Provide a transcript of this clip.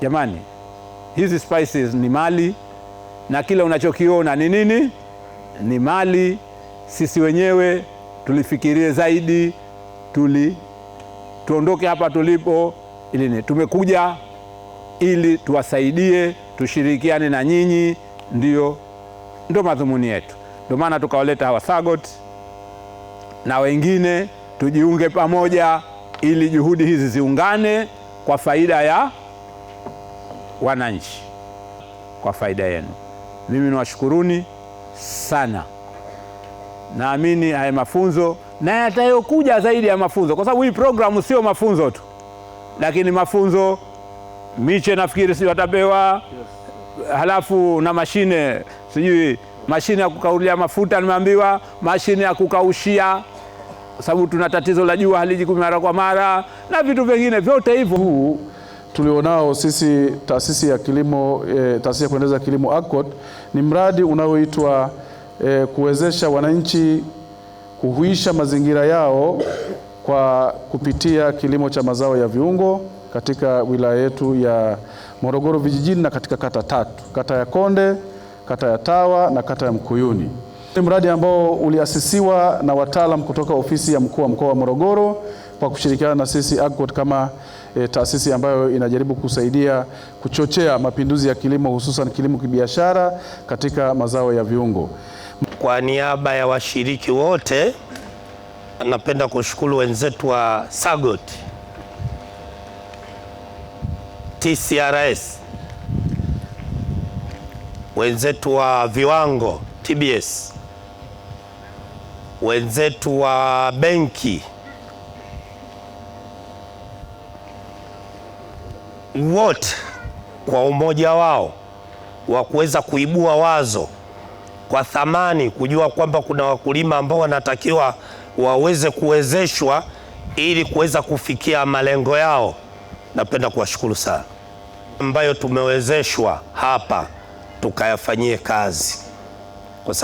Jamani, hizi spices ni mali na kila unachokiona ni nini? Ni mali. Sisi wenyewe tulifikirie zaidi, tuli tuondoke hapa tulipo, ili tumekuja ili tuwasaidie, tushirikiane na nyinyi, ndio ndio madhumuni yetu. Ndio maana tukawaleta hawa Sagot na wengine, tujiunge pamoja ili juhudi hizi ziungane kwa faida ya wananchi kwa faida yenu. Mimi niwashukuruni sana, naamini haya mafunzo na yatayokuja zaidi ya mafunzo, kwa sababu hii programu sio mafunzo tu, lakini mafunzo miche nafikiri si watapewa, halafu na mashine sijui mashine ya kukaulia mafuta nimeambiwa, mashine ya kukaushia, sababu tuna tatizo la jua haliji mara kwa mara na vitu vingine vyote hivyo tulionao sisi taasisi ya kilimo e, taasisi ya kuendeleza kilimo ACOT ni mradi unaoitwa e, kuwezesha wananchi kuhuisha mazingira yao kwa kupitia kilimo cha mazao ya viungo katika wilaya yetu ya Morogoro vijijini na katika kata tatu, kata ya Konde, kata ya Tawa na kata ya Mkuyuni. Ni mradi ambao uliasisiwa na wataalam kutoka ofisi ya mkuu wa mkoa wa Morogoro kwa kushirikiana na sisi AGCOT kama e, taasisi ambayo inajaribu kusaidia kuchochea mapinduzi ya kilimo hususan kilimo kibiashara katika mazao ya viungo. Kwa niaba ya washiriki wote napenda kushukuru wenzetu wa SAGOT, TCRS, wenzetu wa viwango TBS, wenzetu wa benki wote kwa umoja wao wa kuweza kuibua wazo kwa thamani, kujua kwamba kuna wakulima ambao wanatakiwa waweze kuwezeshwa ili kuweza kufikia malengo yao. Napenda kuwashukuru sana ambayo tumewezeshwa hapa tukayafanyie kazi.